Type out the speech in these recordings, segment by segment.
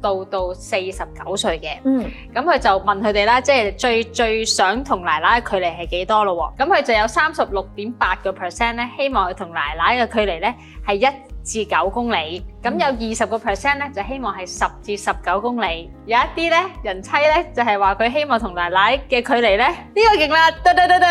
到到四十九歲嘅，咁佢就問佢哋啦，即係最最想同奶奶距離係幾多咯？咁佢就有三十六點八個 percent 咧，希望佢同奶奶嘅距離咧係一至九公里。咁有二十個 percent 咧，就希望係十至十九公里。有一啲咧，人妻咧就係話佢希望同奶奶嘅距離咧，呢個勁啦，得得得得，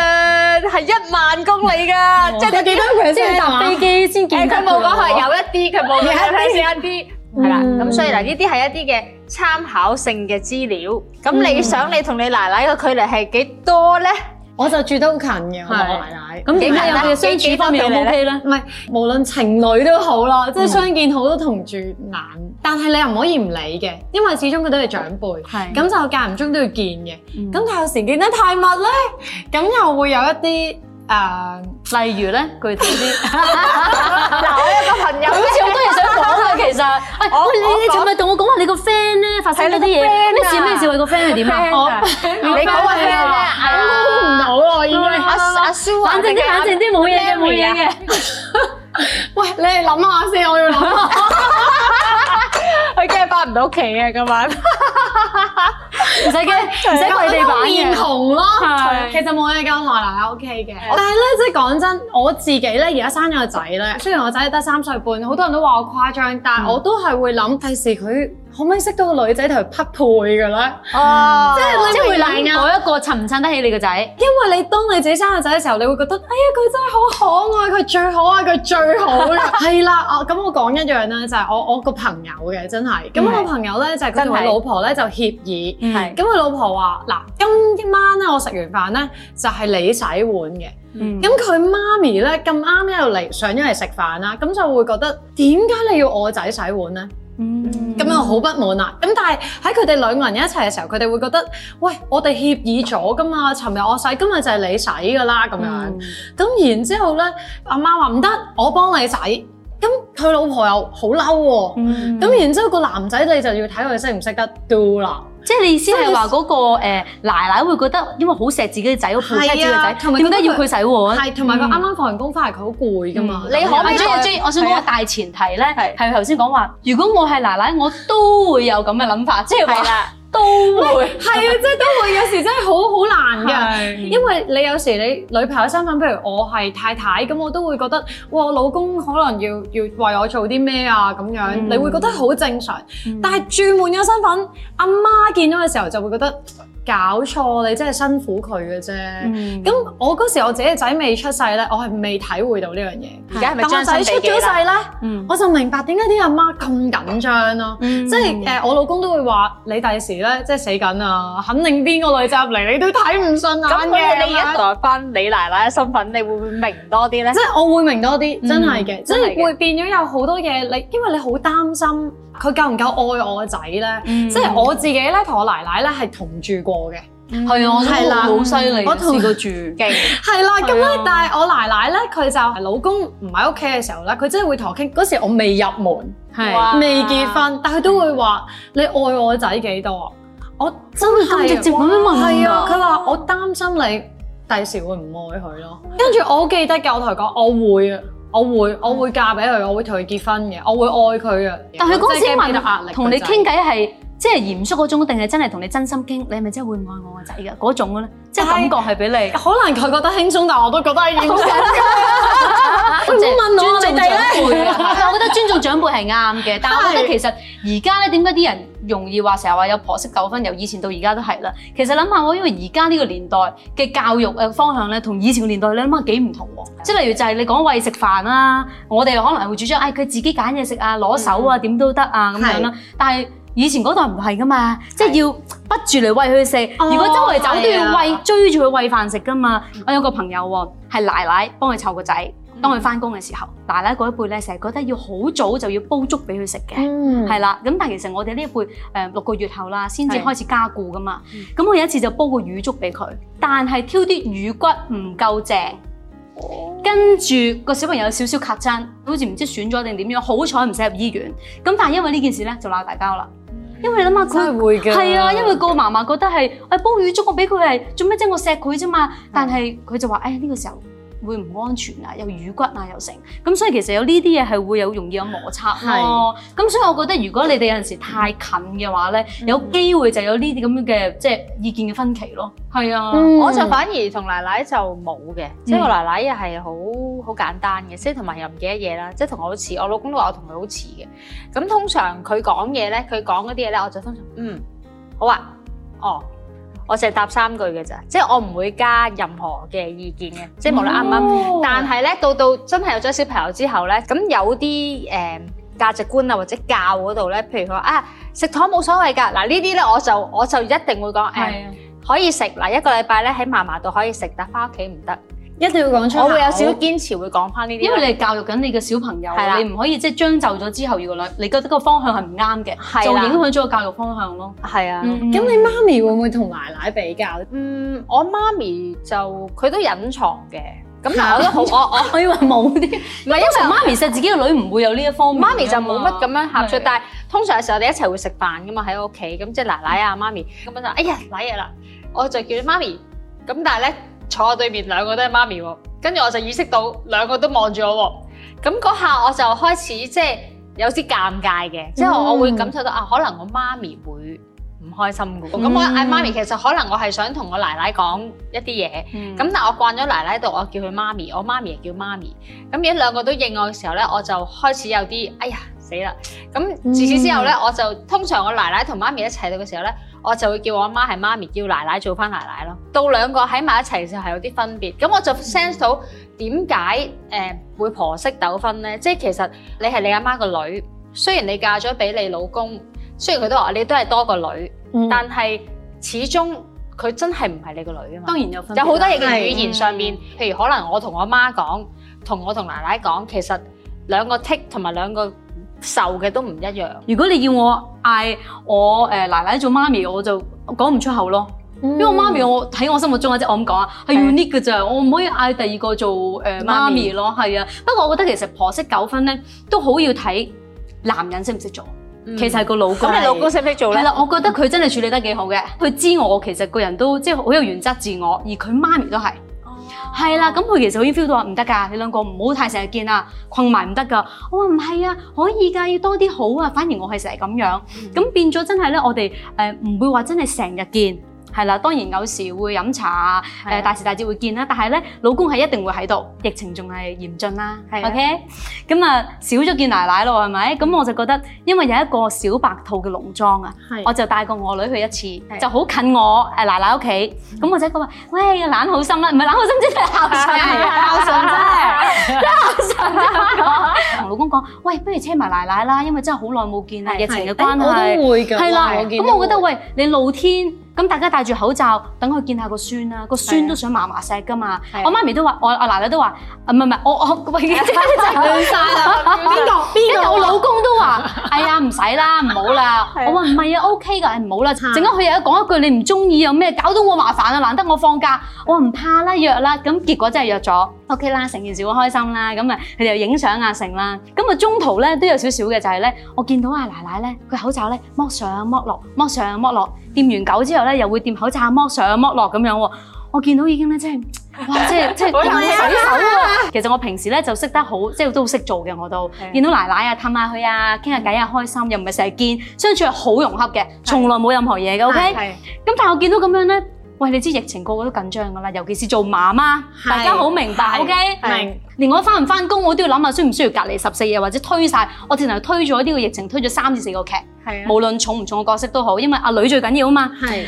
係一萬公里㗎，即係要搭飛機先見到。誒，佢冇講係有一啲，佢冇講係少啲。係啦，咁所以嗱，呢啲係一啲嘅參考性嘅資料。咁你想你同你奶奶嘅距離係幾多咧？我就住得好近嘅，我奶奶。咁點解有嘢相處方面又 OK 咧？唔係，無論情侶都好啦，即係相見好都同住難。但係你又唔可以唔理嘅，因為始終佢都係長輩。係。咁就間唔中都要見嘅。咁但係有時見得太密咧，咁又會有一啲。誒，例如咧，具體啲。嗱，我有一個朋友，好似好多嘢想講嘅，其實。我你你係咪同我講下你個 friend 咧發生咗啲嘢？咩事咩事？你個 friend 係點啊？我你講啊，我估唔到啊，應該。阿阿蘇啊，冷靜啲冷靜啲，冇嘢嘅，冇嘢嘅。喂，你哋諗下先，我要諗下。佢驚翻唔到屋企啊！今晚。唔使驚，唔使佢哋面紅嘅。咯，其實冇嘢嘅，我奶奶 O K 嘅。但係咧，即係講真，我自己咧，而家生咗個仔咧。雖然我仔得三歲半，好多人都話我誇張，但係我都係會諗，第時佢可唔可以識到個女仔同佢匹配嘅咧？哦，即係會唔會揀嗰一個襯唔襯得起你個仔？因為你當你自己生個仔嘅時候，你會覺得，哎呀，佢真係好可愛，佢最可愛，佢最好啦。係啦，咁我講一樣咧，就係我我個朋友嘅真係。咁我朋友咧就佢同佢老婆咧就協議。係，咁佢、嗯、老婆話：嗱，今晚咧，我食完飯咧，就係、是、你洗碗嘅。咁佢、嗯、媽咪咧咁啱一路嚟上咗嚟食飯啦，咁就會覺得點解你要我仔洗碗咧？咁、嗯、樣好不滿啊！咁但係喺佢哋兩個人一齊嘅時候，佢哋會覺得：喂，我哋協議咗㗎嘛，尋日我洗，今日就係你洗㗎啦，咁樣。咁、嗯、然之後咧，阿媽話唔得，我幫你洗。咁佢老婆又好嬲喎，咁然之後個男仔你就要睇佢識唔識得 do 啦，即係你意思係話嗰個奶奶會覺得，因為好錫自己嘅仔，好捧車子嘅仔，點解要佢洗碗，係同埋佢啱啱放完工翻嚟，佢好攰噶嘛。你可唔可以？我想講嗰個大前提咧，係頭先講話，如果我係奶奶，我都會有咁嘅諗法，即係話。都會係啊，即係 都會有時真係好好難嘅。的因為你有時你女朋友身份，譬如我係太太咁，我都會覺得哇，我老公可能要要為我做啲咩啊咁樣，嗯、你會覺得好正常，但係轉換咗身份，阿媽，媽見到嘅時候就會覺得。搞錯你真係辛苦佢嘅啫。咁、嗯、我嗰時我自己嘅仔未出世咧，我係未體會到呢樣嘢。而家係咪仔出咗世咧？嗯、我就明白點解啲阿媽咁緊張咯。即係誒，我老公都會話：你第時咧，即係死緊啊！肯定邊個女仔入嚟，你都睇唔信啊！咁、嗯嗯、你而家作翻你奶奶嘅身份，你會唔會明多啲咧？即係我會明多啲，真係嘅。即係、嗯、會變咗有好多嘢，你因為你好擔心佢夠唔夠愛我嘅仔咧。即係、嗯、我自己咧，同我奶奶咧係同住過。嘅，係啊，我都好犀利，我試過住，勁，係啦。咁咧，但係我奶奶咧，佢就老公唔喺屋企嘅時候咧，佢真係會同我傾。嗰時我未入門，係未結婚，但係都會話你愛我仔幾多，我真係咁直接咁樣問啊！佢話我擔心你第時會唔愛佢咯。跟住我好記得嘅，我同佢講，我會，我會，我會嫁俾佢，我會同佢結婚嘅，我會愛佢啊！但係嗰時問，同你傾偈係。即係嚴肅嗰種，定係真係同你真心傾？你係咪真係會愛我個仔嘅嗰種咧？即係感覺係俾你好難，佢唉覺得輕鬆，但我都覺得係嚴肅。唔好問我，尊重長輩我，我覺得尊重長輩係啱嘅，是但係咧，其實而家咧，點解啲人容易話成日話有婆媳糾紛？由以前到而家都係啦。其實諗下我因為而家呢個年代嘅教育嘅方向咧，同以前嘅年代你諗下幾唔同喎。即係是例如就係你講餵食飯啦、啊，我哋可能係會主張誒佢、哎、自己揀嘢食啊，攞手啊，點、嗯、都得啊咁樣啦是。但係以前嗰代唔係㗎嘛，即係要逼住嚟餵佢食。如果周圍走都要餵，追住佢餵飯食㗎嘛。我有個朋友喎，係奶奶幫佢湊個仔，當佢返工嘅時候，奶奶嗰一輩咧成日覺得要好早就要煲粥俾佢食嘅，係啦。咁但係其實我哋呢一輩，誒六個月後啦，先至開始加固㗎嘛。咁我有一次就煲個魚粥俾佢，但係挑啲魚骨唔夠正，跟住個小朋友有少少卡震，好似唔知損咗定點樣，好彩唔使入醫院。咁但係因為呢件事咧，就鬧大交啦。因為你諗下佢係啊，因為個嫲嫲覺得係、 哎，煲魚粥我俾佢係做咩啫？我錫佢啫嘛。是的但係佢就話：，誒、哎、呢、呢個時候。會唔安全啊？又乳骨啊，又成。咁所以其實有呢啲嘢係會有容易有摩擦咯。咁是、哦、所以我覺得如果你哋有陣時太近嘅話咧，嗯、有機會就有呢啲咁嘅即係意見嘅分歧咯。係啊，嗯、我就反而同奶奶就冇嘅、嗯，即係我奶奶又係好好簡單嘅，即係同埋又唔記得嘢啦，即係同我好似，我老公都話我同佢好似嘅。咁通常佢講嘢咧，佢講嗰啲嘢咧，我就通常嗯，好啊，哦。我淨係答三句嘅咋，即係我唔會加任何嘅意見嘅，即係無論啱唔啱。但係咧，到到真係有咗小朋友之後咧，咁有啲誒價值觀啊，或者教嗰度咧，譬如佢話啊，食糖冇所謂㗎。嗱呢啲咧，我就我就一定會講誒，可以食嗱一個禮拜咧喺嫲嫲度可以食，但係返屋企唔得。一定要講出嚟，我會有少少堅持會講翻呢啲，因為你係教育緊你嘅小朋友，你唔可以即係將就咗之後，如果兩，你覺得個方向係唔啱嘅，就影響咗個教育方向咯。係啊，咁你媽咪會唔會同奶奶比較？嗯，我媽咪就佢都隱藏嘅，咁大我都好，我我可以話冇啲，唔係因為媽咪錫自己嘅女唔會有呢一方面，媽咪就冇乜咁樣合作。但係通常嘅時候，我哋一齊會食飯噶嘛喺屋企，咁即係奶奶啊媽咪咁樣就哎呀攋嘢啦，我就叫你媽咪，咁但係咧。坐我對面兩個都係媽咪喎，跟住我就意識到兩個都望住我喎，咁嗰下我就開始即係有啲尷尬嘅，即係、嗯、我會感受到啊，可能我媽咪會唔開心嘅，咁、嗯、我嗌媽咪，其實可能我係想同我奶奶講一啲嘢，咁、嗯、但係我慣咗奶奶度，我叫佢媽咪，我媽咪又叫媽咪，咁而家兩個都應我嘅時候呢，我就開始有啲哎呀死啦，咁自此之後呢，嗯、我就通常我奶奶同媽咪一齊到嘅時候呢。我就會叫我阿媽係媽咪，叫奶奶做翻奶奶咯。到兩個喺埋一齊就係有啲分別。咁我就 sense 到點解誒會婆媳糾紛呢？即係其實你係你阿媽個女，雖然你嫁咗俾你老公，雖然佢都話你都係多個女，但係始終佢真係唔係你個女啊嘛。當然有有好多嘢嘅語言上面，譬如可能我同我媽講，同我同奶奶講，其實兩個 tick 同埋兩個。受嘅都唔一樣。如果你要我嗌我誒奶奶做媽咪，我就講唔出口咯。嗯、因為媽咪我喺我心目中嗰隻，我咁講啊，係 unique 嘅咋。的我唔可以嗌第二個做誒媽咪咯。係啊。不過我覺得其實婆媳糾紛咧，都好要睇男人識唔識做。嗯、其實係個老公，咁你老公識唔識做咧？係啦，我覺得佢真係處理得幾好嘅。佢、嗯、知我其實個人都即係好有原則自我，而佢媽咪都係。係啦，咁佢其實已經 feel 到話唔得㗎，你兩個唔好太成日見喇，困埋唔得㗎。我話唔係啊，可以㗎，要多啲好啊。反而我係成日咁樣，咁變咗真係咧，我哋誒唔會話真係成日見。係啦，當然有時會飲茶，誒大時大節會見啦。但係咧，老公係一定會喺度。疫情仲係嚴峻啦，OK？咁啊，少咗見奶奶咯，係咪？咁我就覺得，因為有一個小白兔嘅農莊啊，我就帶過我女去一次，就好近我誒奶奶屋企。咁我仔佢話：，喂，你懶好心啦，唔係懶好心，真係孝順，孝順真係，真係孝順。同老公講：，喂，不如車埋奶奶啦，因為真係好耐冇見啦，疫情嘅關係，係啦。咁我覺得，喂，你露天。咁大家戴住口罩，等佢見下個孫啦，個孫都想麻麻錫㗎嘛。的我媽咪都話，我阿奶奶都話，唔、啊、係我我喂，即刻 我老公都話：， 哎呀，唔使啦，唔好啦。的我話唔係啊，OK 㗎，唔好啦。陣間佢又講一句你唔中意有咩，搞到我麻煩啊，難得我放假，我話唔怕啦，約啦。咁結果真係約咗，OK 啦，成件事我開心啦。咁啊，佢哋又影相阿成啦。咁啊，中途咧都有少少嘅，就係、是、咧，我見到阿奶奶咧，佢口罩咧，剝上剝落，剝上剝落。剝下剝下剝下掂完狗之後咧，又會掂口罩，剝上剝落咁樣喎。我見到已經咧，即係哇，即係即係點樣洗手啊！ 其實我平時咧就識得好，即係都識做嘅我都。的見到奶奶啊，氹下佢啊，傾下偈啊，開心的又唔係成日見，相處係好融洽嘅，的從來冇任何嘢嘅，OK？咁但係我見到咁樣咧。喂，你知疫情個個都緊張噶啦，尤其是做媽媽，大家好明白，OK？明。連我翻唔翻工，我都要諗下需唔需要隔離十四日，或者推晒。我之前推咗呢個疫情，推咗三至四個劇，無論重唔重嘅角色都好，因為阿女最緊要啊嘛。係。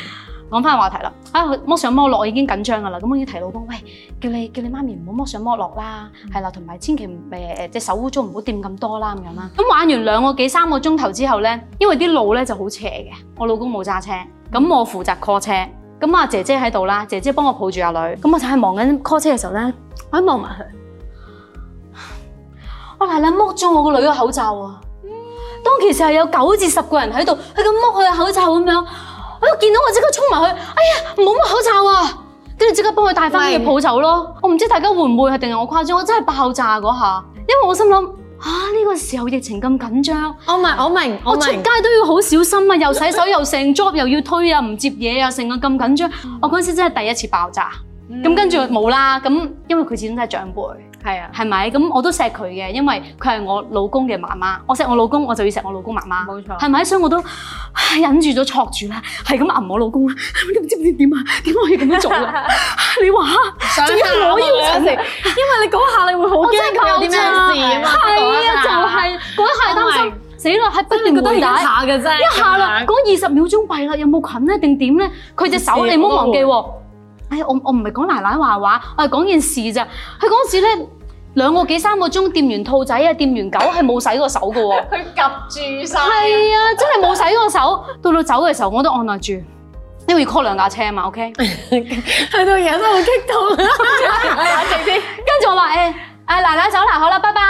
講翻個話題啦，啊，摸上摸落我已經緊張噶啦，咁我已經提老公，喂，叫你叫你媽咪唔好摸上摸落啦，係啦，同埋千祈唔誒誒，隻手污糟唔好掂咁多啦咁樣啦。咁玩完兩個幾三個鐘頭之後咧，因為啲路咧就好斜嘅，我老公冇揸車，咁我負責 call 車。咁阿姐姐喺度啦，姐姐幫我抱住阿女，咁我就係忙緊 call 車嘅時候咧，我一望埋佢，我奶奶剝咗我個女、嗯、個女個口,、哎、口罩啊！當其時係有九至十個人喺度，佢咁剝佢嘅口罩咁樣，我見到我即刻衝埋去，哎呀冇剝口罩啊！跟住即刻幫佢戴翻嘅嘢抱走咯。喂我唔知道大家會唔會係定係我誇張，我真係爆炸嗰下，因為我心諗。啊，呢、哦，這個時候疫情咁緊張，我唔係我明，我出街都要好小心啊！ 又洗手，又成 job 又要推又啊，唔接嘢啊，成日咁緊張。我嗰陣時真係第一次爆炸，咁跟住冇啦。咁因為佢始終都係長輩，係啊，係咪？咁我都錫佢嘅，因為佢係 我，我老公嘅媽媽。 我錫我老公，我就要錫我老公媽媽。冇錯，係咪？所以我都忍住咗，挫住啦，係咁揞我老公啦。你唔知唔知點啊？點可以咁樣做啊？ 你話 死啦！係不斷咁打，一下啦，講二十秒鐘閉啦，有冇菌咧？定點咧？佢隻手了你唔好忘記喎、哎。我我唔係講奶奶話話，我係講件事咋。佢嗰時咧兩個幾三個鐘掂完兔仔啊，掂完狗係冇洗過手噶喎。佢夾住手，係 啊，真係冇洗過手。到到走嘅時候，我都按捺住，因為要 call 兩架車啊嘛，OK。 去到嘢都好激動啊！ 跟住我話誒。欸係，奶奶、啊、走啦，好啦，拜拜。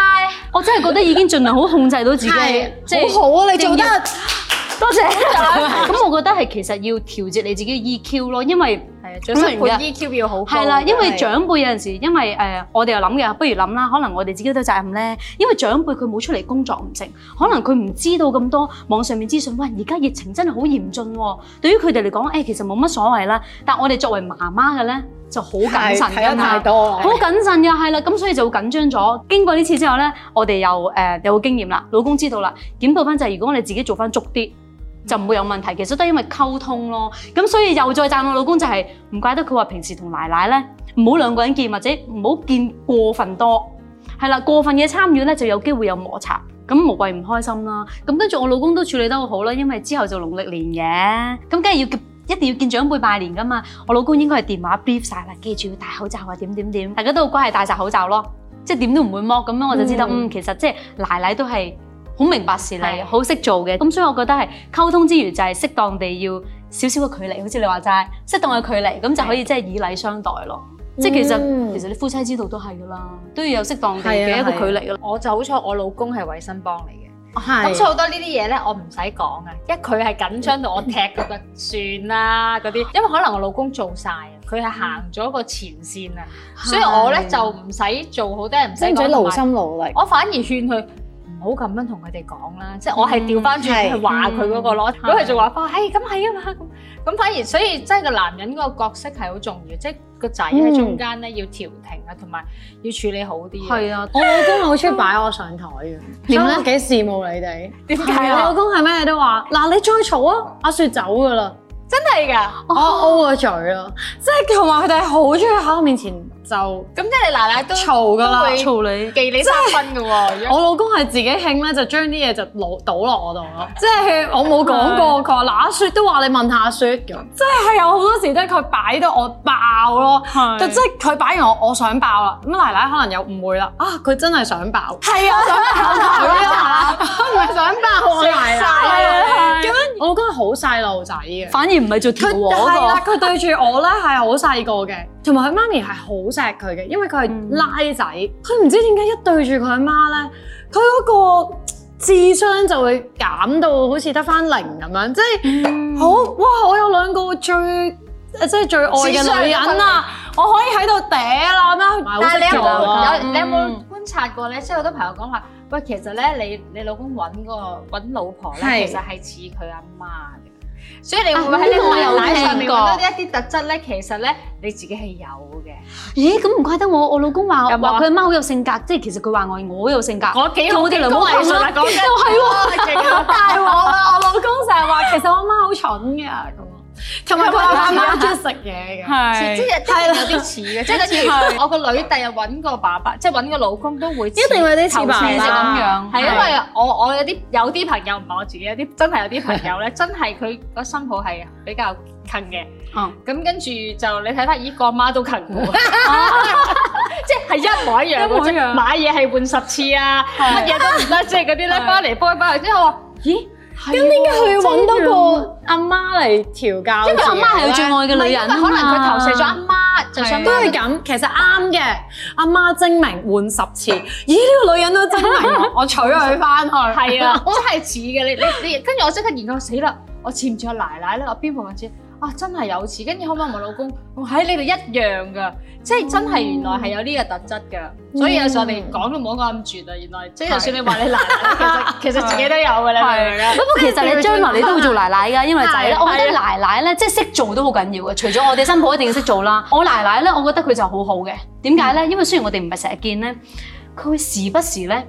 我真係覺得已經盡量好控制到自己，即係、 就是、好好啊！要你做得 多謝。咁 我覺得係其實要調節你自己 EQ 咯，因為、呃己，因為長輩 EQ 要好。係啦，因為長輩有陣時，因為誒我哋又諗嘅，不如諗啦。可能我哋自己都責任咧，因為長輩佢冇出嚟工作唔成，可能佢唔知道咁多網上面資訊。喂，而家疫情真係好嚴峻喎、哦，對於佢哋嚟講，誒、欸、其實冇乜所謂啦。但我哋作為媽媽嘅咧。就好謹慎㗎，係睇太多，好謹慎㗎，係啦，咁所以就緊張咗。是經過呢次之後咧，我哋又誒、呃、有經驗啦，老公知道啦，檢討翻就係、是、如果我哋自己做翻足啲，就唔會有問題。其實都係因為溝通咯。咁所以又再讚我老公就係、是、唔怪得佢話平時同奶奶咧，唔好兩個人見或者唔好見過分多，係啦，過分嘅參與咧就有機會有摩擦，咁無謂唔開心啦。咁跟住我老公都處理得好好啦，因為之後就農曆年嘅，咁梗係要一定要見長輩拜年噶嘛？我老公應該係電話 brief 晒啦，記住要戴口罩啊，點點點，大家都好乖，係戴晒口罩咯，即係點都唔會剝咁樣，我就知道，嗯,嗯，其實即係奶奶都係好明白事理，好識的做嘅，咁所以我覺得係溝通之餘就係適當地要少少嘅距離，好似你話齋，適當嘅距離，咁就可以即係以禮相待咯，的嗯、即係其實其實你夫妻之道都係噶啦，都要有適當嘅一個距離咯。我就好彩，我老公係衛生幫你。咁是所以好多呢啲嘢咧，我唔使講啊，因為佢係緊張到我踢佢就算啦嗰啲，因為可能我老公做晒啊，佢係行咗個前線啊，嗯、所以我咧就唔使做好多人唔使勞心勞力，我反而勸佢。好咁樣同佢哋講啦，即係我係調翻轉去話佢嗰個咯。如果佢仲話，哇，係咁係啊嘛，咁咁反而所以即係個男人個角色係好重要，即係個仔喺中間咧要調停啊，同埋要處理好啲嘅。係啊，我老公好中意擺我上台嘅，點解幾羨慕你哋？點解啊？老公係咩你都話，嗱你再嘈啊，阿雪走噶啦，真係㗎，我 O 個嘴咯，即係同埋佢哋係好中意喺我面前。就咁即係你奶奶都嘈噶啦，嘈你忌你三分噶喎。我老公係自己興咧，就將啲嘢就攞倒落我度咯。即係我冇講過佢話，嗱雪都話你問下雪咁。即係有好多時，都係佢擺到我爆咯。係，就即係佢擺完我，我想爆啦。咁奶奶可能又誤會啦。啊，佢真係想爆。係啊，想爆！唔係想爆我奶奶。係啊，我老公係好細路仔嘅，反而唔係做調和嗰個。佢對住我咧係好細個嘅。同埋佢媽咪係好錫佢嘅，因為佢係拉仔，佢唔、嗯、知點解一對住佢阿媽咧，佢嗰個智商就會減到好似得翻零咁樣，即係、嗯、好哇！我有兩個最即係最愛嘅女人啊，我可以喺度嗲啦，阿媽是，但係你有冇你有冇觀察過咧？即係好多朋友講話，喂，其實咧你你老公揾個揾老婆咧，是其實係似佢阿媽。所以你會喺呢個油仔上面揾到一啲特質咧，其實咧你自己係有嘅。咦？咁唔怪得我，我老公話，又話佢媽好有性格，即係其實佢話我我有性格，我幾好講藝術啊，都係大鑊啦！我老公成日話， 其實我阿媽好蠢嘅。同佢爸爸媽都要食嘢嘅，係即係有啲似嘅，即係例如我個女第日揾個爸爸，即係揾個老公都會一定會有啲似似咁樣，係因為我我有啲有啲朋友唔係我自己有啲真係有啲朋友咧，真係佢個新抱係比較勤嘅，咁跟住就你睇翻咦個媽都勤過，即係一模一樣，一模一樣，買嘢係換十次啊，乜嘢都唔得即係啲咧，翻嚟煲煲之後咦。咁點解佢要搵多個阿媽嚟調教因媽媽？因為阿媽係佢最愛嘅女人，可能佢投射咗阿媽，媽，就想是的都係咁，其實啱嘅。阿媽，媽精明換十次，咦呢、這個女人都精明，我娶佢返去。係啊，真係似嘅，你你你跟住我即刻研究死啦！我似唔似個奶奶呢？我邊個先？哇！真係有似，跟住可唔可以問老公？我喺你哋一樣噶，即係真係原來係有呢個特質噶。所以有時我哋講都冇講咁住啊！原來即係，就算你話你奶奶，其實其實自己都有嘅咧。咁不過其實你將來你都會做奶奶噶，因為仔咧，我覺得奶奶咧即係識做都好緊要嘅。除咗我哋新抱一定要識做啦，我奶奶咧，我覺得佢就好好嘅。點解咧？因為雖然我哋唔係成日見咧，佢會時不時咧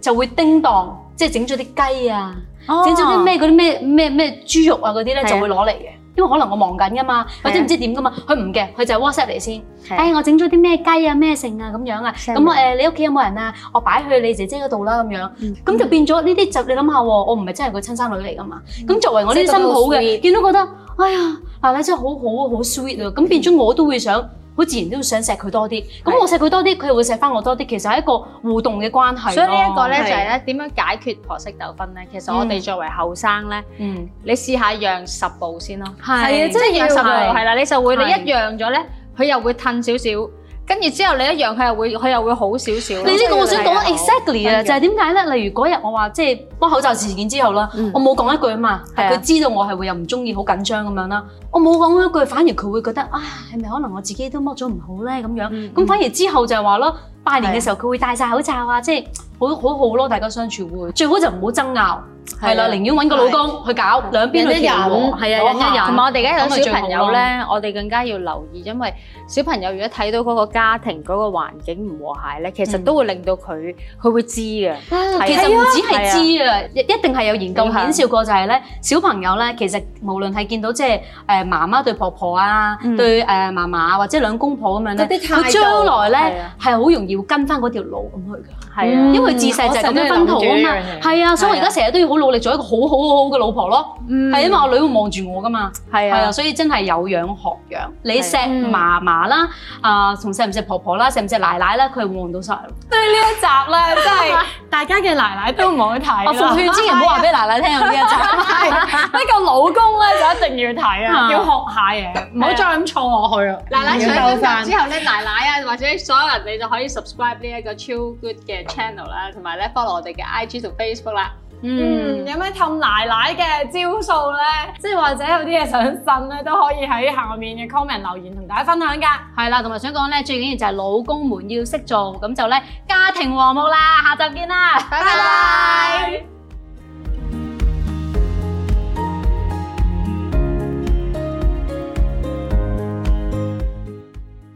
就會叮當，即係整咗啲雞啊，整咗啲咩啲咩咩咩豬肉啊嗰啲咧，就會攞嚟嘅。因為可能我忙緊噶嘛，或者唔知點噶嘛，佢唔嘅，佢就係 WhatsApp 嚟先。的哎，我整咗啲咩雞啊，咩剩啊咁樣啊，咁誒的、呃、你屋企有冇人啊？我擺去你姐姐嗰度啦咁樣，咁、嗯、就變咗呢啲就你諗下喎，我唔係真係個親生女嚟㗎嘛。咁、嗯、作為我呢啲新抱嘅，見到覺得哎呀，奶奶真係好好好 sweet 啊，咁的變咗我都會想。好自然都會想錫佢多啲，咁的我錫佢多啲，佢又會錫返我多啲，其實係一個互動嘅關係的。所以這呢一個咧就係咧點樣解決婆媳糾紛呢？其實我哋作為後生呢，嗯，你試下讓十步先咯，係啊的，即係讓十步，係啦的，你就會的你一讓咗咧，佢又會褪少少。跟住之後你一樣，佢又會佢又會好少少。你呢的個我想講 exactly 啊，就係點解咧？例如嗰日我話即係摸口罩事件之後啦，嗯、我冇講一句嘛，但係佢、啊、知道我係會又唔中意，好緊張咁樣啦。我冇講一句，反而佢會覺得啊，係咪可能我自己都摸咗唔好咧咁、嗯、樣？咁反而之後就話咯，嗯、拜年嘅時候佢會戴晒口罩啊，即係。好好好咯，大家相處會最好就唔好爭拗，係啦，寧願揾個老公去搞兩邊去調和，係啊，兩家人。同埋我哋而家有小朋友咧，我哋更加要留意，因為小朋友如果睇到嗰個家庭嗰個環境唔和諧咧，其實都會令到佢佢會知嘅，嗯，其實唔止係知啊，一一定係有研究顯示過就係咧，小朋友咧，其實無論係見到即係誒媽媽對婆婆啊，對誒嫲嫲或者兩公婆咁樣咧，佢將來咧係好容易會跟翻嗰條路咁去㗎。係，因為自細就係咁樣奔圖啊嘛，係啊，所以我而家成日都要好努力做一個好好好好嘅老婆咯，係因為我女會望住我噶嘛，係啊，所以真係有樣學樣，你錫嫲嫲啦，啊，同錫唔錫婆婆啦，錫唔錫奶奶啦，佢會望到晒咯。對呢一集咧，真係大家嘅奶奶都唔好睇啦。奉勸之前唔好話俾奶奶聽呢一集，呢個老公咧就一定要睇啊，要學下嘅，唔好再咁錯落去啊。奶奶上咗集之後咧，奶奶啊或者所有人你就可以 subscribe 呢一個超 good 嘅。channel 啦，同埋咧 follow 我哋嘅 IG 同 Facebook 啦。嗯，有咩氹奶奶嘅招數咧？即係或者有啲嘢想信咧，都可以喺下面嘅 comment 留言同大家分享噶。係啦，同埋想講咧，最緊要就係老公們要識做，咁就咧家庭和睦啦。下集見啦，拜拜。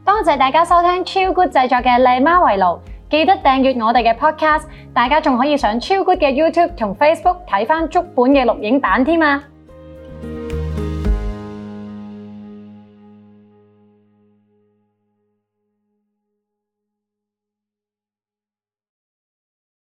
多謝大家收聽超 good 製作嘅《麗媽圍爐》。記得訂閱我哋嘅 podcast，大家仲可以上超 good 嘅 YouTube 同 Facebook 睇返足本嘅錄影版添啊！